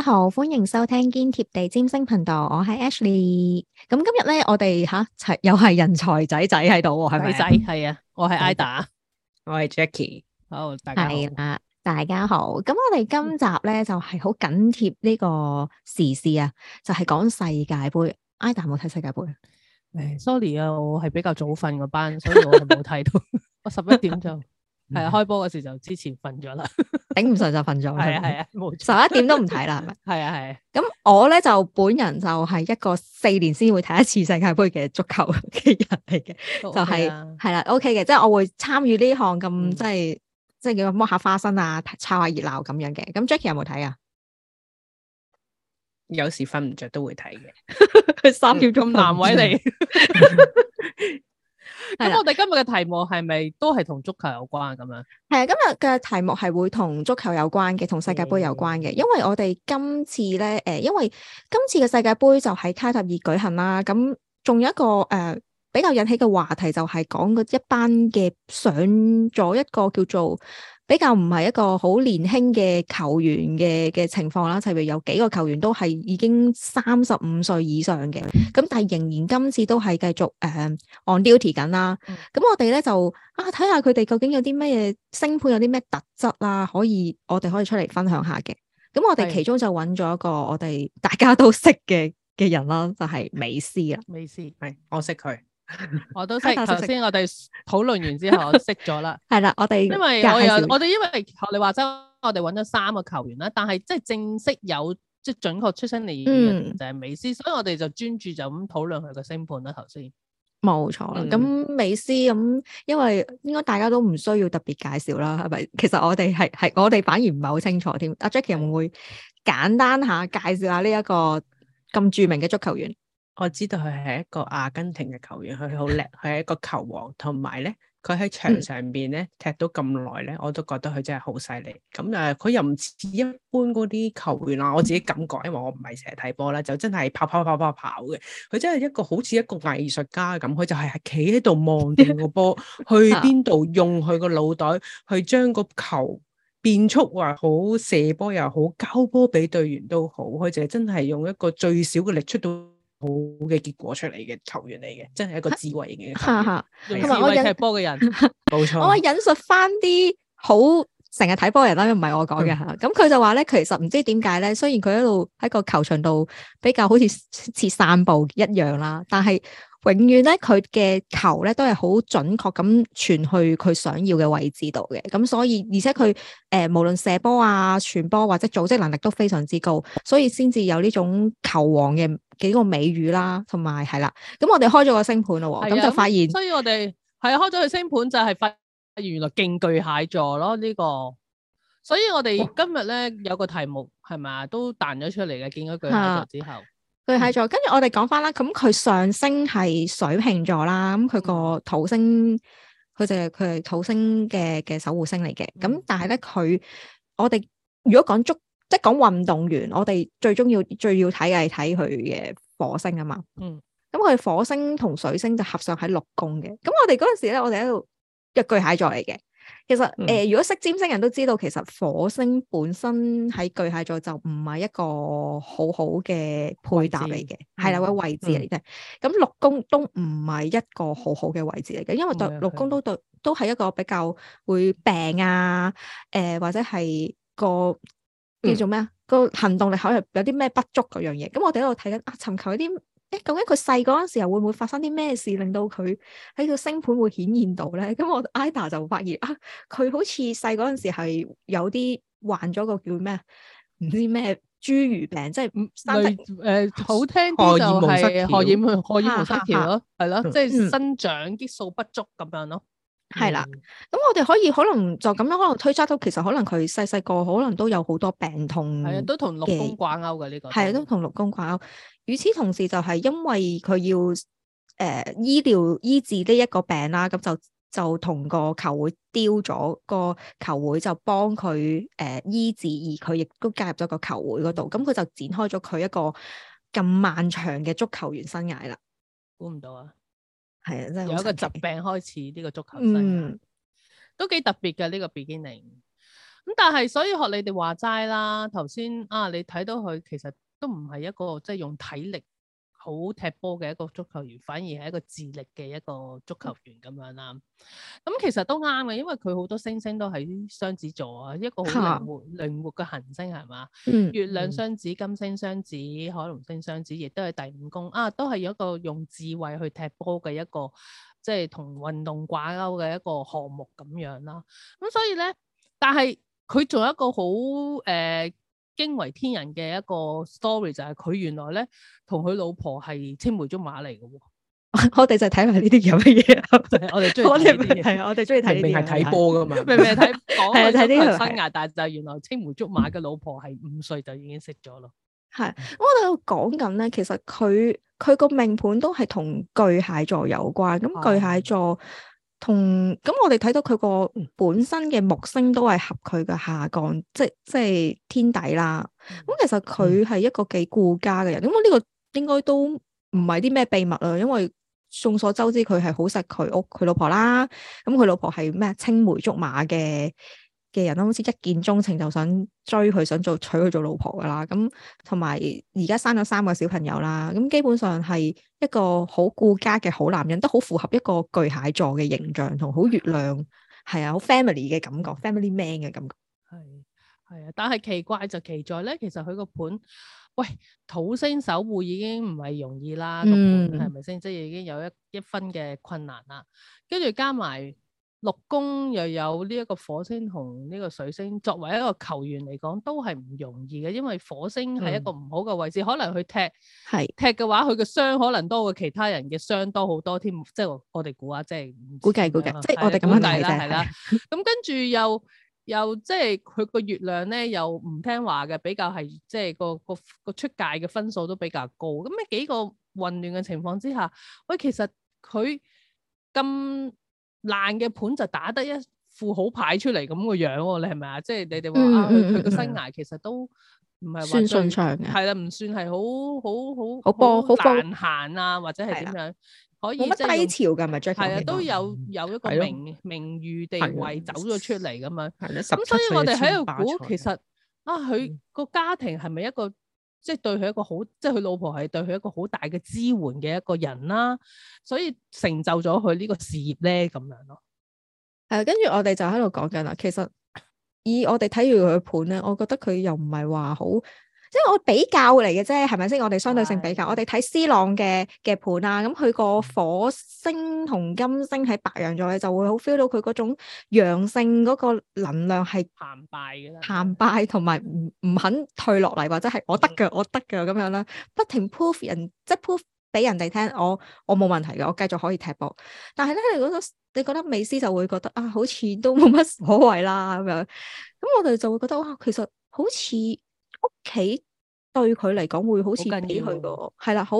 大家好，歡迎收聽堅貼地占星頻道，我係 Ashley。咁今日咧，我哋吓又係人才仔仔喺度，係咪仔？係啊，我係 Ida，、啊、我係 Jackie。好，大家係啦，大家好。咁、啊、我哋今集咧就係好緊貼呢個時事啊，就係、是、講世界杯。Ida 冇睇世界杯？誒、哎、，sorry 啊，我係比較早瞓嗰班，所以我哋冇睇到。我十一點就。 係啊，開波嗰時就之前瞓咗啦，頂唔順就瞓咗。係係 啊，冇十 一點都唔睇啦，係咪？係啊係。咁、啊、我咧就本人就係一個四年先會睇一次世界杯嘅足球嘅人嚟嘅， 就係係啦，OK 嘅，即係我會參與呢項咁即係、嗯、即係叫佢剝下花生啊，湊下熱鬧咁樣嘅。咁 Jacky 有冇睇啊？ 有時瞓唔着都會睇嘅， 三點鐘難為你 位。 咁 我哋今日嘅題目係咪都係同足球有關啊？咁樣，係啊，今日嘅題目係會同足球有關嘅，同世界杯有關嘅，因為我哋今次咧，誒，因為今次嘅世界杯就喺卡塔爾舉行啦，咁仲有一個誒、呃、比較引起嘅話題就係講一班嘅上咗一個叫做。比較唔係一個好年輕嘅球員嘅嘅情況啦，例如有幾個球員都係已經三十五歲以上嘅，咁但係仍然今次都係繼續誒 on duty 緊啦。咁、呃嗯嗯、我哋咧就啊睇下佢哋究竟有啲咩嘢星盤，有啲咩特質啦，可以我哋可以出嚟分享下嘅。咁我哋其中就揾咗一個我哋大家都識嘅嘅人啦，就係、是、美斯啦。美斯係我識佢。 我都識，頭先 我哋討論完之後， 我識咗啦。係啦，我哋因為我有我哋因為你話齋，我哋揾咗三個球員啦，但係即係正式有即係準確出生年，就係美斯，所以我哋就專注就咁討論佢個星盤啦。頭先冇錯啦，咁錯、嗯、美斯咁、嗯，因為應該大家都唔需要特別介紹啦，係咪？其實我哋係係我哋反而唔係好清楚添。阿 Jackie 唔會簡單下介紹下呢一個咁著名嘅足球員？我知道佢係一個阿根廷嘅球員，佢好叻，佢係一個球王，同埋咧，佢喺場上邊咧踢到咁耐咧，我都覺得佢真係好犀利。咁啊，佢又唔似一般嗰啲球員啊，我自己感覺，因為我唔係成日睇波啦，就真係跑跑跑跑跑嘅。佢真係一個好似一個藝術家咁，佢就係企喺度望住個波去邊度，用佢個腦袋去將個球變速又好射，射波又好，交波俾隊員都好，佢就係真係用一個最少嘅力出到好嘅結果出嚟嘅球員嚟嘅，真係一個智慧型嘅。同埋我踢波嘅人，冇錯 錯。 我引述翻啲好成日睇波嘅人啦，因為唔係我講嘅吓。咁佢 就話咧，其實唔知點解咧，雖然佢喺度喺個球場度，比較好似似散步一樣啦，但係。永遠咧，佢嘅球咧都係好準確咁傳去佢想要嘅位置度嘅，咁所以而且佢誒、呃、無論射波啊、傳波、啊、或者組織能力都非常之高，所以先至有呢種球王嘅幾個美譽啦，同埋係啦。咁我哋開咗個星盤啦、哦，咁的就發現，所以我哋係開咗個星盤就係發現原來勁巨蟹座咯呢、這個。所以我哋今日咧有個題目係咪都彈咗出嚟嘅？見咗巨蟹座之後。巨蟹、嗯、座，跟住我哋講翻啦，咁佢上升係水瓶座啦，咁佢個土星，佢就佢、是、係土星嘅嘅守護星嚟嘅，咁、嗯、但係咧佢，我哋如果講足，即係講運動員，我哋最重要最要睇嘅係睇佢嘅火星啊嘛，嗯，咁佢、嗯、火星同水星就合上喺六宮嘅，咁我哋嗰陣時咧，我哋喺度一巨蟹座嚟嘅。其實誒、呃，如果識占星人都知道，其實火星本身喺巨蟹座就唔係一個好好嘅配搭嚟嘅，係啦位位置嚟嘅。咁六宮都唔係一個好好嘅位置嚟嘅，嗯，因為對六宮都對都係一個比較會病啊，誒、呃、或者係個叫做咩啊個行動力可能有啲咩不足嗰樣嘢。咁我哋喺度睇緊啊，尋求一啲。誒，究竟佢細嗰陣時候會唔會發生啲咩事，令到佢喺個星盤會顯現到咧？咁我 Ada 就發現啊，佢好似細嗰陣時係有啲患咗個叫咩？唔知咩侏儒病，即係生誒好聽啲就係荷爾蒙失調咯，係咯，即係生長激素不足咁樣咯。係、啊、啦，咁、嗯、我哋可以可能就咁樣可能推測到，其實可能佢細細個可能都有好多病痛嘅，係都同六宮掛鈎嘅呢個，係啊都同六宮掛鈎。與此同時就、呃就，就係因為佢要誒醫療醫治呢一個病啦，咁就就同個球會丟咗個球會，就幫佢誒、呃、醫治，而佢亦都加入咗個球會嗰度，咁佢就展開咗佢一個咁漫長嘅足球員生涯啦。估唔到啊，係啊，真係由一個疾病開始呢、呢個足球生涯、啊，嗯、都幾特別嘅呢、呢個比堅尼咁，但係所以學你哋話齋啦，頭先啊，你睇到佢其實。都唔係一個即係、就是、用體力好踢波嘅一個足球員，反而係一個智力嘅一個足球員咁樣啦。咁、嗯、其實都啱嘅，因為佢好多星星都喺雙子座啊，一個好靈活靈、啊、活嘅行星係嘛。嗯嗯、月亮雙子、金星雙子、海王星雙子，亦都係第五宮啊，都係一個用智慧去踢波嘅一個，即係同運動掛鈎嘅一個項目咁樣啦。咁所以咧，但係佢仲有一個好誒。呃驚為天人嘅一個 story 就係、是、佢原來咧同佢老婆係青梅竹馬嚟嘅， 我哋就睇埋呢啲咁乜嘢。 我哋我哋係我哋中意睇，明明係睇波噶嘛， 明明睇講啲生涯，就係原來青梅竹馬嘅老婆係五歲就已經識咗咯。係， 我哋喺度講緊咧，其實佢佢個命盤都係同巨蟹座有關。咁 巨蟹座。同咁，我哋睇到佢個本身嘅木星都係合佢嘅下降，即即係天底啦。咁其實佢係一個幾顧家嘅人，咁我呢個應該都唔係啲咩秘密啊。因為眾所周知佢係好錫佢屋佢老婆啦。咁佢老婆係咩青梅竹馬嘅。嘅人啦，好似一見鐘情就想追佢，想做娶佢做老婆噶啦。咁同埋而家生咗三個小朋友啦，咁基本上係一個好顧家嘅好男人，都好符合一個巨蟹座嘅形象，同好月亮係啊，好 family 嘅感覺，family man 嘅感覺。係係啊，但係奇怪就奇在咧，其實佢個盤，喂土星守護已經唔係容易啦，個盤係咪先，即係已經有一一分嘅困難啦，跟住加埋。六宮又有呢一個火星同呢個水星，作為一個球員嚟講都係唔容易嘅，因為火星係一個唔好嘅位置，可能佢踢係踢嘅話，佢嘅傷可能多過其他人嘅傷多好多添，即係我我哋估下，即係估計估計，即係我哋咁樣計啦，係啦。咁跟住又又即係佢個月亮咧又唔聽話嘅，比較係即係個個個出界嘅分數都比較高。咁喺幾個混亂嘅情況之下，喂，其實佢咁。.爛嘅盤就打得一副好牌出嚟咁個樣，你係咪啊？即係你哋話啊，佢個生涯其實都唔係話順暢嘅，係啦，唔算係好好好好波好煩，啊，或者係點樣？冇乜低潮噶咪最近係啊，都有有一個名名譽地位走咗出嚟咁樣。係咁所以我哋喺度估，其實啊，佢個家庭係咪一個？即係對佢一個好，即係佢老婆係對佢一個好大嘅支援嘅一個人啦、啊，所以成就咗佢呢個事業咧咁樣咯。係、啊、跟住我哋就喺度講緊啦，其實以我哋睇住佢盤咧，我覺得佢又唔係話好。即係我比較嚟嘅啫，係咪先？我哋相對性比較，的我哋睇 C 朗嘅嘅盤啊，咁佢個火星同金星喺白羊座咧，就會好 feel 到佢嗰種陽性嗰個能量係澎湃嘅啦，澎湃同埋唔唔肯退落嚟，或者係我得嘅，嗯、我得嘅咁樣啦，不停 prove 人，即、就、係、是、prove 俾人哋聽，我我冇問題嘅，我繼續可以踢波。但係咧，你覺得你覺得美斯就會覺得啊，好似都冇乜所謂啦咁樣。咁我哋就會覺得哇、啊，其實好似～屋企對佢嚟講會好似比佢係啦，好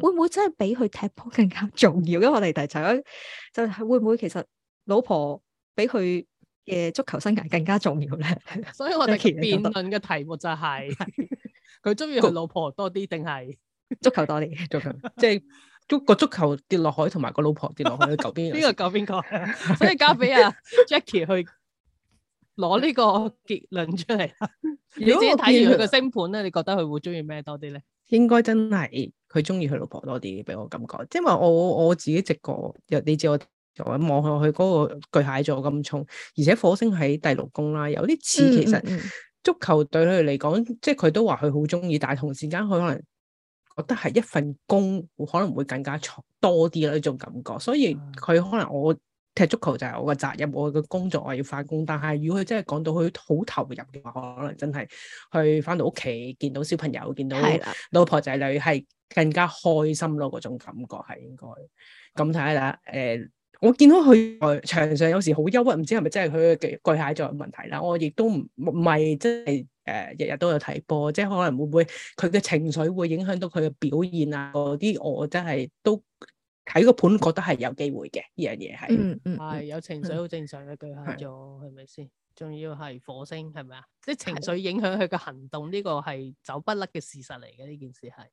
會唔會真係比佢踢波更加重要？因為我哋提就係、是、會唔會其實老婆比佢嘅足球生涯更加重要咧？所以我哋其辯論嘅題目就係佢中意佢老婆多啲定係足球多啲？足球即係足個足球跌落海同埋個老婆跌落 去救邊？呢個救邊個？所以交俾阿 Jackie 去。攞呢個結論出嚟啦！ 如果睇完佢個星盤咧，你覺得佢會中意咩多啲咧？應該真係佢中意佢老婆多啲，俾我感覺。因為我我自己直覺，又你知我做緊望下去嗰個巨蟹座咁重，而且火星喺第六宮啦，有啲似其實足球對佢嚟講，嗯嗯即係佢都話佢好中意，但係同時間佢可能覺得係一份工，可能會更加多啲啦呢種感覺。所以佢可能我。嗯踢足球就係我個責任，我個工作，我要翻工。但係如果佢真係講到佢好投入嘅話，可能真係去翻到屋企見到小朋友，見到老婆仔女，係更加開心咯。嗰種感覺係應該咁睇下啦。誒、呃，我見到佢場上有時好憂鬱，唔知係咪真係佢嘅巨蟹座問題啦。我亦都唔唔係真係誒，日、呃、日都有睇波，即係可能會唔會佢嘅情緒會影響到佢嘅表現啊？嗰啲我真係都。睇個盤覺得係有機會嘅，呢樣嘢係，係是、嗯、有情緒好正常嘅巨蟹座，係咪先？仲要係火星，係咪啊？啲的情緒影響佢嘅行動，呢個係走不甩嘅事實嚟嘅，呢件事係。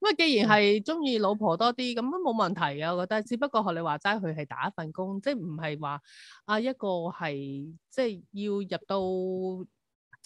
咁啊，既然係中意老婆多啲，咁都冇問題啊，我覺得。只不過學你話齋，佢係打一份工，即係唔係話啊一個係即係要入到。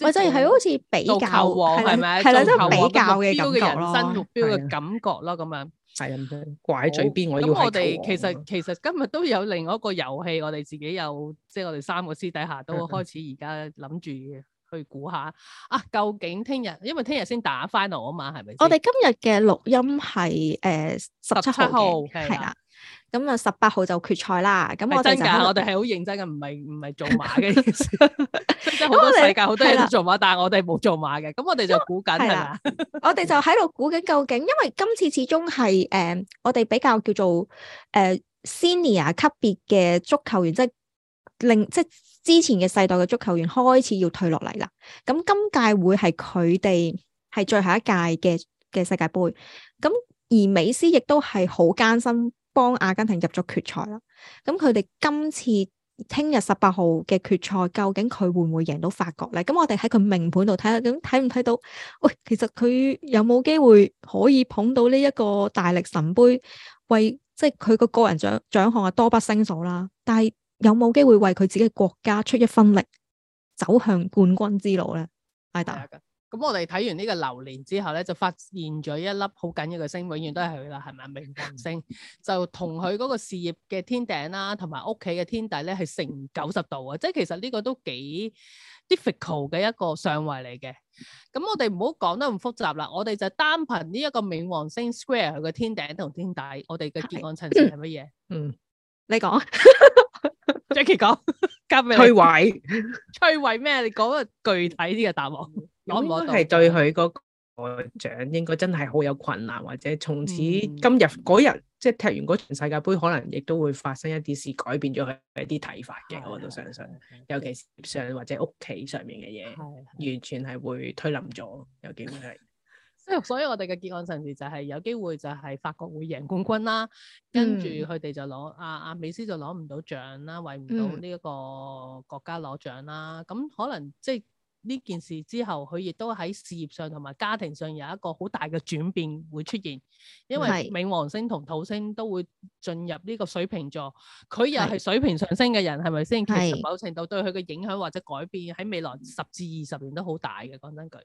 或者係好似比較，係咪？係啦，即係比較嘅人生目標嘅感覺咯，咁的樣。係咁樣掛喺嘴邊。我咁我哋其實其實今日都有另外一個遊戲，我哋自己有即係、就是、我哋三個私底下都開始而家諗住去估下的啊！究竟聽日因為聽日先打 final 啊嘛，係咪？我哋今日嘅錄音係誒十七號係啦。的咁啊，十八號就決賽啦。咁我真我哋係好認真嘅，唔係唔係做馬嘅好 多世界好多人都做馬， 但係我哋冇做馬嘅。咁我哋就估緊係啦。我哋就喺度估緊究竟，因為今次始終係誒，我哋比較叫做誒、呃、senior 級別嘅足球員，即、就、係、係、令即係、即係、之前嘅世代嘅足球員開始要退落嚟啦。咁今屆會係佢哋係最後一屆嘅嘅世界杯。咁而美斯亦都係好艱辛。幫阿根廷入咗決賽啦，咁佢哋今次聽日十八號嘅決賽，究竟佢會唔會贏到法國呢？咁我哋喺佢名盤度睇下，咁睇唔睇到？喂、哎，其實佢有冇機會可以捧到呢一個大力神杯為？為即係佢個個人獎獎項啊多不勝數啦，但係有冇機會為佢自己國家出一分力，走向冠軍之路呢？i d 咁我哋睇完呢個流年之後咧，就發現咗一粒好緊要嘅星，永遠都係佢啦，係咪？冥王星就同佢嗰個事業嘅天頂啦，同埋屋企嘅天底咧，係成九十度啊！即係其實呢個都幾 difficult 嘅一個相位嚟嘅。咁我哋唔好講得咁複雜啦，我哋就單憑呢一個冥王星 square 佢嘅天頂同天底，我哋嘅結案陳詞係乜嘢？嗯，你講，Jackie 講，交俾你。趨位，趨位咩？你講個具體啲嘅答案。應該係對佢嗰個獎應該真係好有困難，或者從此、嗯、今日嗰日即係踢完嗰場世界盃，可能亦都會發生一啲事，改變咗佢一啲睇法嘅。我都相信，嗯嗯嗯、尤其是上或者屋企上面嘅嘢，完全係會推冧咗。有機會係，即係所以我哋嘅結案陣時就係有機會就係法國會贏冠軍啦，跟住佢哋就攞阿阿美斯就攞唔到獎啦，為唔到呢一個國家攞獎啦。咁可能即係。呢件事之後，佢亦都喺事業上同埋家庭上有一個好大嘅轉變會出現，因為冥王星同土星都會進入呢個水瓶座，佢又係水瓶上升嘅人，係咪先？其實某程度對佢嘅影響或者改變喺未來十至二十年都好大嘅。講真句，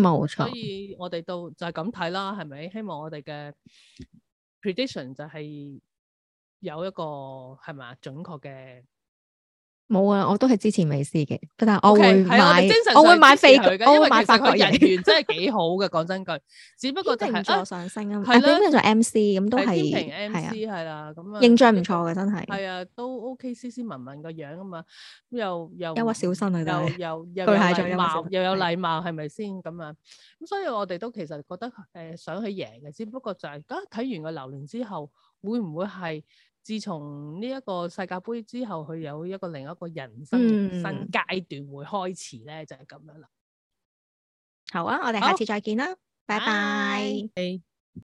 冇錯。所以我哋到就係咁睇啦，係咪？希望我哋嘅 prediction 就係有一個係咪啊準確嘅。冇啊！我都係支持美斯嘅，但係我會買，我會買肥我嘅，因為發覺人緣真係幾好嘅。講真句，只不過真係。係啦，上升啊，係啦，做 M C 咁都係，係啊，係啦，咁啊，印象唔錯嘅真係。係啊，都 O K，斯斯文文個樣啊嘛，咁又又又小心啊，又又又貌又有禮貌，係咪先咁啊？咁所以我哋都其實覺得誒，想去贏嘅，只不過就係，咁睇完個流年之後，會唔會係？自從呢一個世界盃之後，佢有一個另一個人生新階段會開始咧，就係咁樣啦。嗯，好啊，我哋下次再見啦，拜拜好。Bye bye